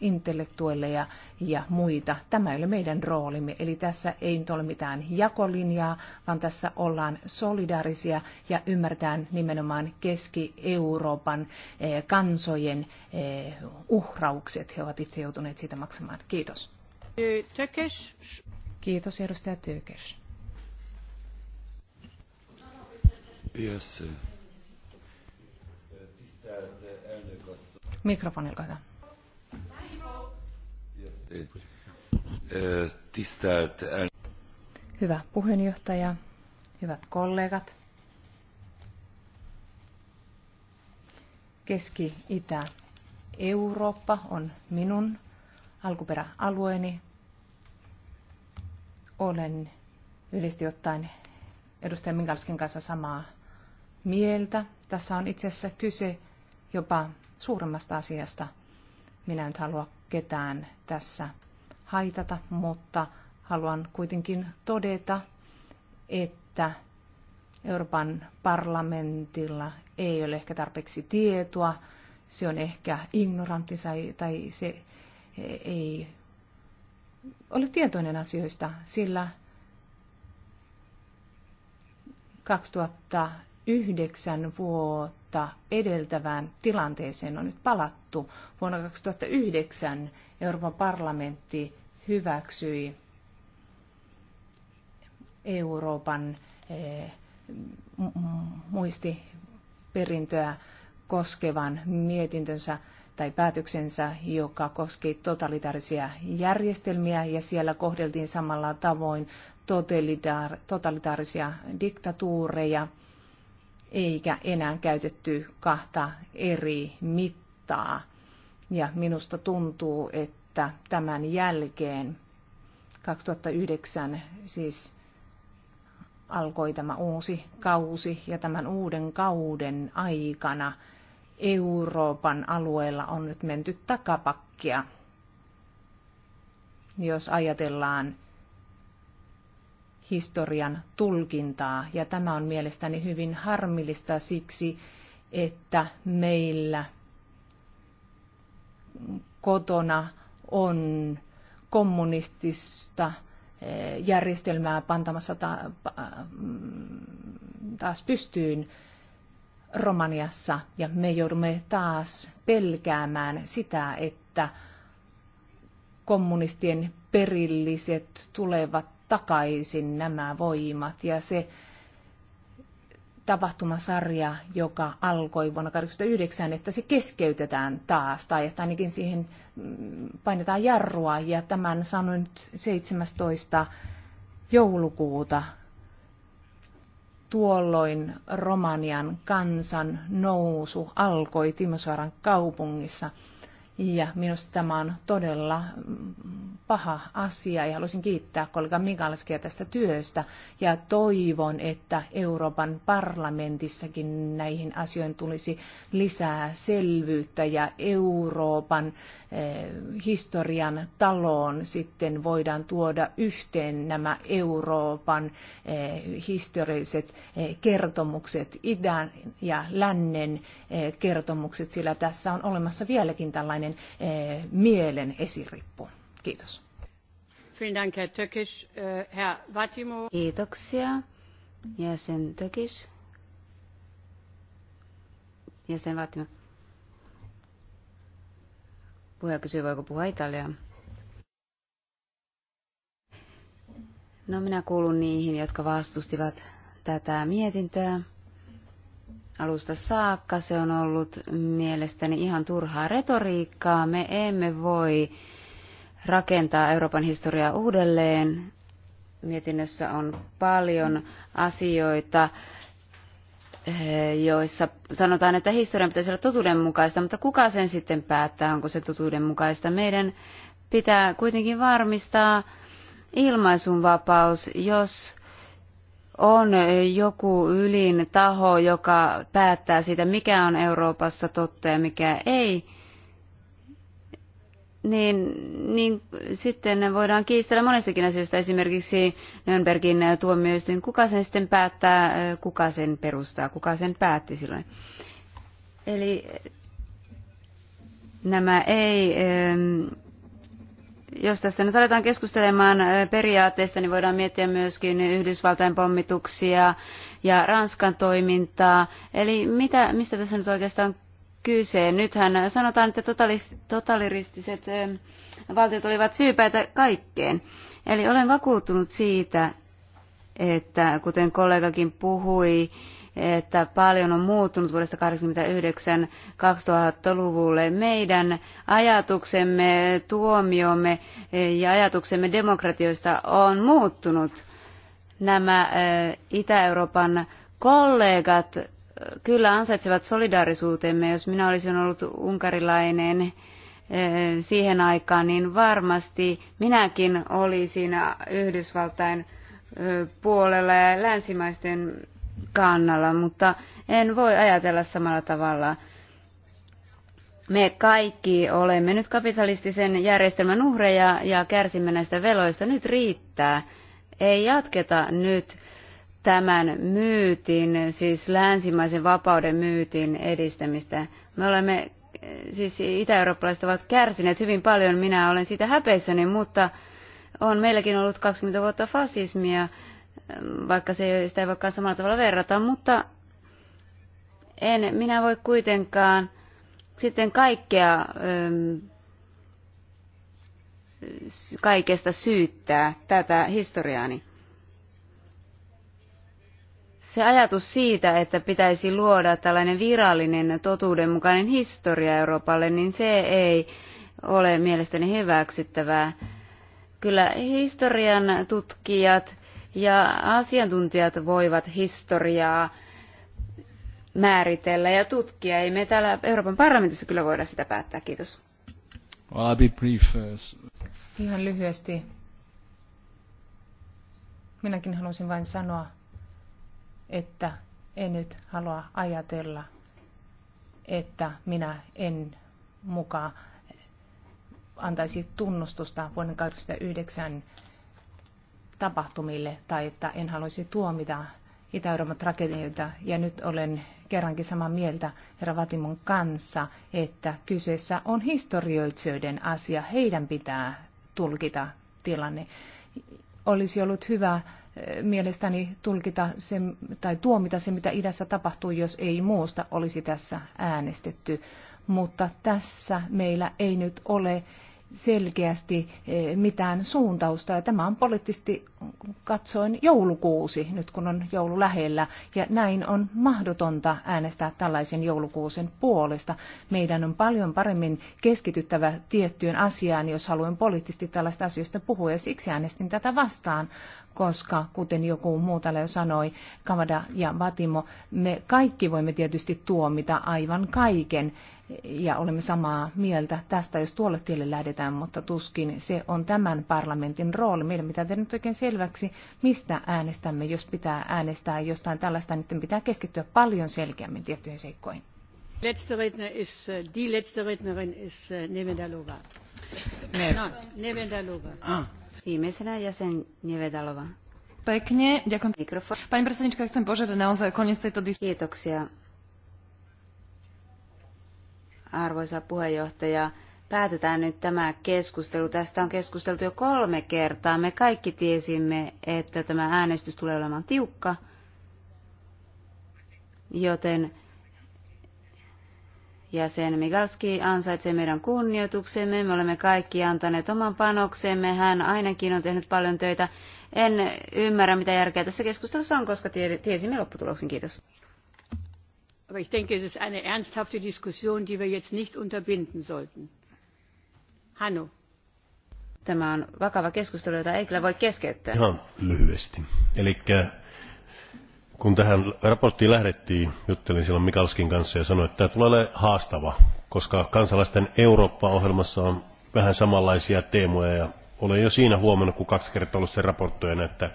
intellektuelleja ja muita. Tämä ei ole meidän roolimme, eli tässä ei nyt ole mitään jakolinjaa, vaan tässä ollaan solidaarisia ja ymmärretään nimenomaan Keski-Euroopan eh, kansojen eh, uhraukset. He ovat itse joutuneet siitä maksamaan. Kiitos. Kiitos edustaja Tyykes. Yes. Mikrofoni, olkaa hyvä. Eh, eh, hyvä puheenjohtaja, hyvät kollegat. Keski-Itä-Eurooppa on minun alkuperäalueeni, olen yleisesti ottaen edustaja Minkalskin kanssa samaa mieltä. Tässä on itse asiassa kyse jopa suuremmasta asiasta. Minä en halua ketään tässä haitata, mutta haluan kuitenkin todeta, että Euroopan parlamentilla ei ole ehkä tarpeeksi tietoa, se on ehkä ignorantti tai, tai se ei ole tietoinen asioista, sillä 2009 vuotta edeltävään tilanteeseen on nyt palattu. Vuonna 2009 Euroopan parlamentti hyväksyi Euroopan eh, muistiperintöä koskevan mietintönsä tai päätöksensä, joka koski totalitaarisia järjestelmiä ja siellä kohdeltiin samalla tavoin totalitaarisia diktatuureja, eikä enää käytetty kahta eri mittaa. Ja minusta tuntuu, että tämän jälkeen 2009 siis alkoi tämä uusi kausi ja tämän uuden kauden aikana – Euroopan alueella on nyt menty takapakkia, jos ajatellaan historian tulkintaa. Ja tämä on mielestäni hyvin harmillista siksi, että meillä kotona on kommunistista eh, järjestelmää pantamassa mm, taas pystyyn Romaniassa ja me joudumme taas pelkäämään sitä, että kommunistien perilliset tulevat takaisin nämä voimat ja se tapahtumasarja, joka alkoi vuonna 1989, että se keskeytetään taas tai että ainakin siihen mm, painetaan jarrua ja tämän sanoin 17. joulukuuta tuolloin Romanian kansan nousu alkoi Timosaaran kaupungissa – ja minusta tämä on todella paha asia ja haluaisin kiittää kollega Mikalskia tästä työstä ja toivon, että Euroopan parlamentissakin näihin asioihin tulisi lisää selvyyttä ja Euroopan eh, historian taloon sitten voidaan tuoda yhteen nämä Euroopan eh, historialliset eh, kertomukset, idän ja lännen kertomukset, sillä tässä on olemassa vieläkin tällainen Turkmeenian eh, mielen esirippu. Kiitos. Eh, Kiitoksia. Jäsen Tökis. Jäsen Vatimo. Puhuja kysyy, voiko puhua italiaa. No minä kuulun niihin, jotka vastustivat tätä mietintöä alusta saakka. Se on ollut mielestäni ihan turhaa retoriikkaa. Me emme voi rakentaa Euroopan historiaa uudelleen. Mietinnössä on paljon asioita, eh, joissa sanotaan, että historian pitäisi olla totuudenmukaista, mutta kuka sen sitten päättää, onko se totuudenmukaista. Meidän pitää kuitenkin varmistaa ilmaisunvapaus, jos on joku ylin taho, joka päättää siitä, mikä on Euroopassa totta ja mikä ei, niin, niin sitten voidaan kiistellä monestakin asioista, esimerkiksi Nürnbergin tuomioistuin, kuka sen sitten päättää, kuka sen perustaa, kuka sen päätti silloin. Eli nämä ei jos tässä nyt aletaan keskustelemaan eh, periaatteista, niin voidaan miettiä myöskin Yhdysvaltain pommituksia ja Ranskan toimintaa. Eli mitä, mistä tässä nyt oikeastaan kyse? Nythän sanotaan, että totaliristiset eh, valtiot olivat syypäitä kaikkeen. Eli olen vakuuttunut siitä, että kuten kollegakin puhui, että paljon on muuttunut vuodesta 1989 2000-luvulle. Meidän ajatuksemme, tuomiomme ja ajatuksemme demokratioista on muuttunut. Nämä äh, Itä-Euroopan kollegat äh, kyllä ansaitsevat solidaarisuutemme. Jos minä olisin ollut unkarilainen äh, siihen aikaan, niin varmasti minäkin olisin Yhdysvaltain puolella ja länsimaisten kannalla, mutta en voi ajatella samalla tavalla. Me kaikki olemme nyt kapitalistisen järjestelmän uhreja ja kärsimme näistä veloista. Nyt riittää. Ei jatketa nyt tämän myytin, siis länsimaisen vapauden myytin edistämistä. Me olemme, siis itä-eurooppalaiset ovat kärsineet hyvin paljon, minä olen siitä häpeissäni, mutta on meilläkin ollut 20 vuotta fasismia vaikka se, sitä ei voikaan samalla tavalla verrata, mutta en minä voi kuitenkaan sitten kaikkea ähm, kaikesta syyttää tätä historiaani. Se ajatus siitä, että pitäisi luoda tällainen virallinen totuudenmukainen historia Euroopalle, niin se ei ole mielestäni hyväksyttävää. Kyllä historian tutkijat ja asiantuntijat voivat historiaa määritellä ja tutkia. Ei me täällä Euroopan parlamentissa kyllä voida sitä päättää. Kiitos. Well, I'll be brief. Uh, Ihan lyhyesti. Minäkin haluaisin vain sanoa, että en nyt halua ajatella, että minä en mukaan antaisi tunnustusta vuoden 1989 tapahtumille tai että en haluaisi tuomita Itä-Euroopan tragedioita. Ja nyt olen kerrankin samaa mieltä herra Vatimon kanssa, että kyseessä on historioitsijoiden asia. Heidän pitää tulkita tilanne. Olisi ollut hyvä eh, mielestäni tulkita se, tai tuomita se, mitä idässä tapahtuu, jos ei muusta olisi tässä äänestetty. Mutta tässä meillä ei nyt ole selkeästi eh, mitään suuntausta ja tämä on poliittisesti katsoin joulukuusi, nyt kun on joulu lähellä, ja näin on mahdotonta äänestää tällaisen joulukuusen puolesta. Meidän on paljon paremmin keskityttävä tiettyyn asiaan, jos haluan poliittisesti tällaista asioista puhua, ja siksi äänestin tätä vastaan, koska kuten joku muu täällä jo sanoi, Kavada ja Vatimo, me kaikki voimme tietysti tuomita aivan kaiken, ja olemme samaa mieltä tästä, jos tuolle tielle lähdetään, mutta tuskin se on tämän parlamentin rooli. Meidän pitää tehdä nyt oikein se selväksi, mistä äänestämme. Jos pitää äänestää jostain tällaista, niin pitää keskittyä paljon selkeämmin tiettyihin seikkoihin. Letzte Redner ist, äh, die letzte Rednerin ist äh, Nevedalova. Ne. No, Nevedalova. Ah. Viimeisenä jäsen Nevedalova. Pekne, ďakujem. Mikrofon. Pani predsednička, chcem požiadať naozaj koniec tejto diskusie. Kiitoksia. Arvoisa puheenjohtaja, päätetään nyt tämä keskustelu. Tästä on keskusteltu jo kolme kertaa. Me kaikki tiesimme, että tämä äänestys tulee olemaan tiukka, joten jäsen Migalski ansaitsee meidän kunnioituksemme. Me olemme kaikki antaneet oman panoksemme. Hän ainakin on tehnyt paljon töitä. En ymmärrä, mitä järkeä tässä keskustelussa on, koska tiesimme lopputuloksen. Kiitos. Aber ich denke, es ist eine ernsthafte Diskussion, die wir jetzt nicht unterbinden sollten. Hanu. Tämä on vakava keskustelu, jota ei kyllä voi keskeyttää. Ihan lyhyesti. Eli kun tähän raporttiin lähdettiin, juttelin silloin Mikalskin kanssa ja sanoin, että tämä tulee olemaan haastava, koska kansalaisten Eurooppa-ohjelmassa on vähän samanlaisia teemoja ja olen jo siinä huomannut, kun kaksi kertaa ollut sen raportoijana, että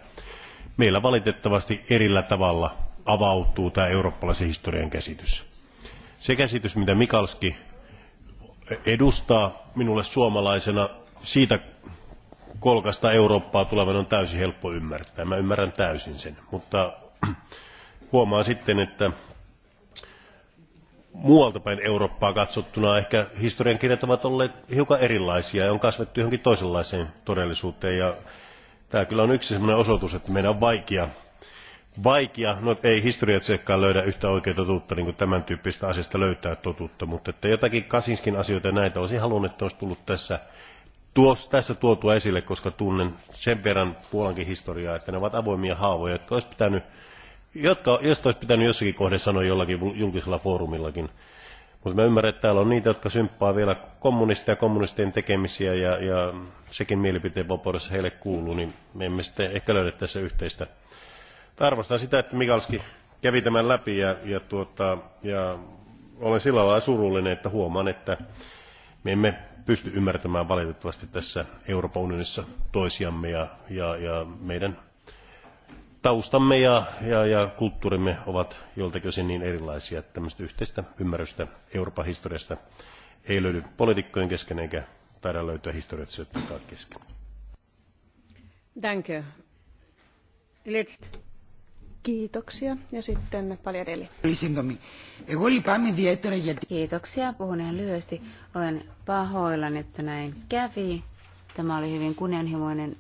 meillä valitettavasti erillä tavalla avautuu tämä eurooppalaisen historian käsitys. Se käsitys, mitä Mikalski edustaa minulle suomalaisena siitä kolkasta eurooppaa tulevan on täysin helppo ymmärtää. Mä ymmärrän täysin sen, mutta huomaan sitten, että muualta päin Eurooppaa katsottuna ehkä historiankirjat ovat olleet hiukan erilaisia ja on kasvettu johonkin toisenlaiseen todellisuuteen. Ja tämä kyllä on yksi sellainen osoitus, että meidän on vaikea vaikea no ei historiatsekkaan löydä yhtä oikeaa totuutta niin kuin tämän tyyppisistä asioista löytää totuutta mutta että jotakin kasinskin asioita ja näitä olisin halunnut että olisi tullut tässä, tuos, tässä tuotua esille koska tunnen sen verran puolankin historiaa että ne ovat avoimia haavoja jotka olisi pitänyt jotka, josta olisi pitänyt jossakin kohdassa sanoa jollakin julkisella foorumillakin. Mutta mä ymmärrän, että täällä on niitä, jotka symppaa vielä kommunisteja, kommunistien tekemisiä ja, ja sekin mielipiteenvapaudessa heille kuuluu, niin me emme sitten ehkä löydä tässä yhteistä arvostan sitä että migalski kävi tämän läpi tuota, ja, olen sillä lailla surullinen että huomaan että me emme pysty ymmärtämään valitettavasti tässä euroopan unionissa toisiamme ja, meidän taustamme ja, ja kulttuurimme ovat joiltakin osin niin erilaisia että tämmöistä yhteistä ymmärrystä euroopan historiasta ei löydy poliitikkojen kesken eikä taida löytyä historioitsijoidenkaan kesken. Kiitoksia. Ja sitten Paljadeli. Kiitoksia. Puhun ihan lyhyesti. Olen pahoillani, että näin kävi. Tämä oli hyvin kunnianhimoinen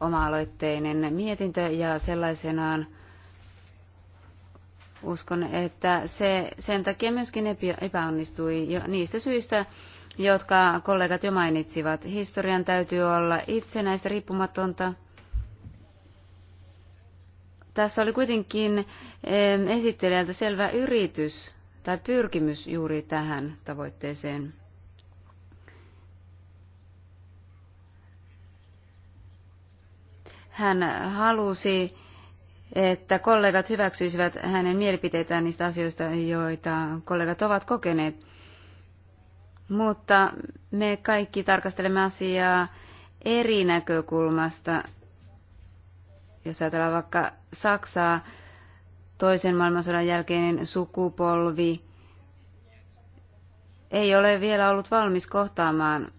oma-aloitteinen mietintö ja sellaisenaan uskon, että se sen takia myöskin epäonnistui jo niistä syistä, jotka kollegat jo mainitsivat. Historian täytyy olla itsenäistä riippumatonta tässä oli kuitenkin esittelijältä selvä yritys tai pyrkimys juuri tähän tavoitteeseen. Hän halusi, että kollegat hyväksyisivät hänen mielipiteitään niistä asioista, joita kollegat ovat kokeneet. Mutta me kaikki tarkastelemme asiaa eri näkökulmasta jos ajatellaan vaikka Saksaa, toisen maailmansodan jälkeinen sukupolvi ei ole vielä ollut valmis kohtaamaan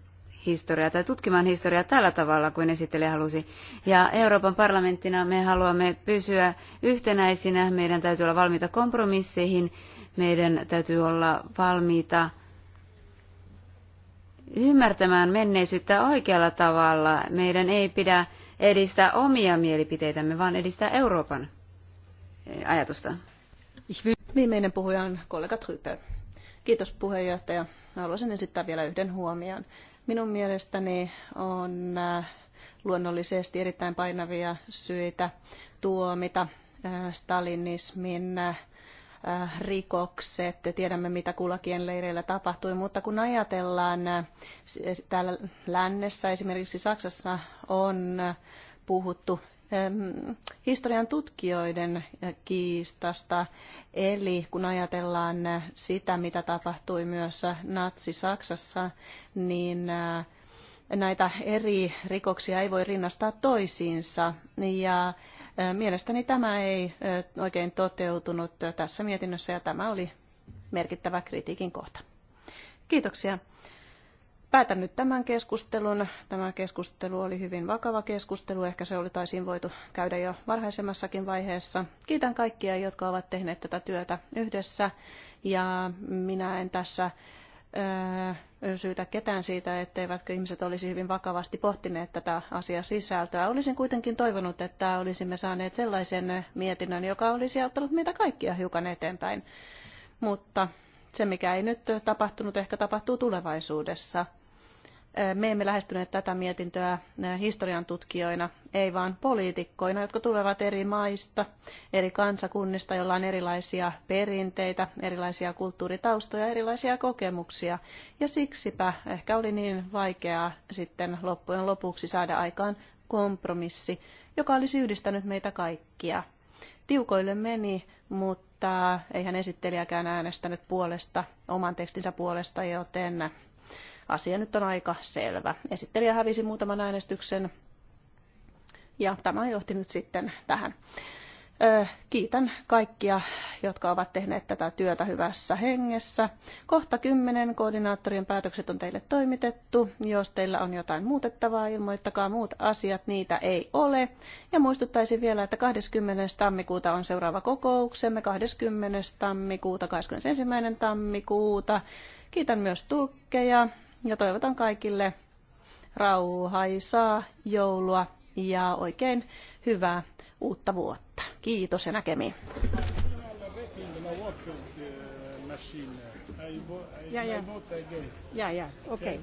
historiaa tai tutkimaan historiaa tällä tavalla kuin esittelijä halusi. Ja Euroopan parlamenttina me haluamme pysyä yhtenäisinä, meidän täytyy olla valmiita kompromisseihin, meidän täytyy olla valmiita ymmärtämään menneisyyttä oikealla tavalla. Meidän ei pidä edistää omia mielipiteitämme, vaan edistää Euroopan eh, ajatusta. Viimeinen puhuja on kollega Trypel. Kiitos puheenjohtaja. Haluaisin esittää vielä yhden huomion. Minun mielestäni on eh, luonnollisesti erittäin painavia syitä tuomita eh, stalinismin Äh, rikokset. Tiedämme, mitä kulakien leireillä tapahtui, mutta kun ajatellaan, äh, täällä lännessä, esimerkiksi Saksassa, on puhuttu ähm, historian tutkijoiden äh, kiistasta. Eli kun ajatellaan sitä, mitä tapahtui myös Natsi-Saksassa, niin näitä eri rikoksia ei voi rinnastaa toisiinsa. Ja Mielestäni tämä ei oikein toteutunut tässä mietinnössä ja tämä oli merkittävä kritiikin kohta. Kiitoksia. Päätän nyt tämän keskustelun. Tämä keskustelu oli hyvin vakava keskustelu. Ehkä se oltaisiin voitu käydä jo varhaisemmassakin vaiheessa. Kiitän kaikkia, jotka ovat tehneet tätä työtä yhdessä. Ja minä en tässä syytä ketään siitä, etteivätkö ihmiset olisi hyvin vakavasti pohtineet tätä asiaa sisältöä. Olisin kuitenkin toivonut, että olisimme saaneet sellaisen mietinnön, joka olisi auttanut meitä kaikkia hiukan eteenpäin. Mutta se, mikä ei nyt tapahtunut, ehkä tapahtuu tulevaisuudessa – me emme lähestyneet tätä mietintöä historian tutkijoina, ei vaan poliitikkoina, jotka tulevat eri maista, eri kansakunnista, joilla on erilaisia perinteitä, erilaisia kulttuuritaustoja, erilaisia kokemuksia. Ja siksipä ehkä oli niin vaikeaa sitten loppujen lopuksi saada aikaan kompromissi, joka olisi yhdistänyt meitä kaikkia. Tiukoille meni, mutta eihän esittelijäkään äänestänyt puolesta, oman tekstinsä puolesta, joten asia nyt on aika selvä. Esittelijä hävisi muutaman äänestyksen ja tämä johti nyt sitten tähän. Kiitän kaikkia, jotka ovat tehneet tätä työtä hyvässä hengessä. Kohta kymmenen koordinaattorien päätökset on teille toimitettu. Jos teillä on jotain muutettavaa, ilmoittakaa muut asiat, niitä ei ole. Ja muistuttaisin vielä, että 20. tammikuuta on seuraava kokouksemme, 20. tammikuuta, 21. tammikuuta. Kiitän myös tulkkeja ja toivotan kaikille rauhaisaa joulua ja oikein hyvää uutta vuotta. Kiitos ja näkemiin. Yeah, yeah. Yeah, yeah. Okay.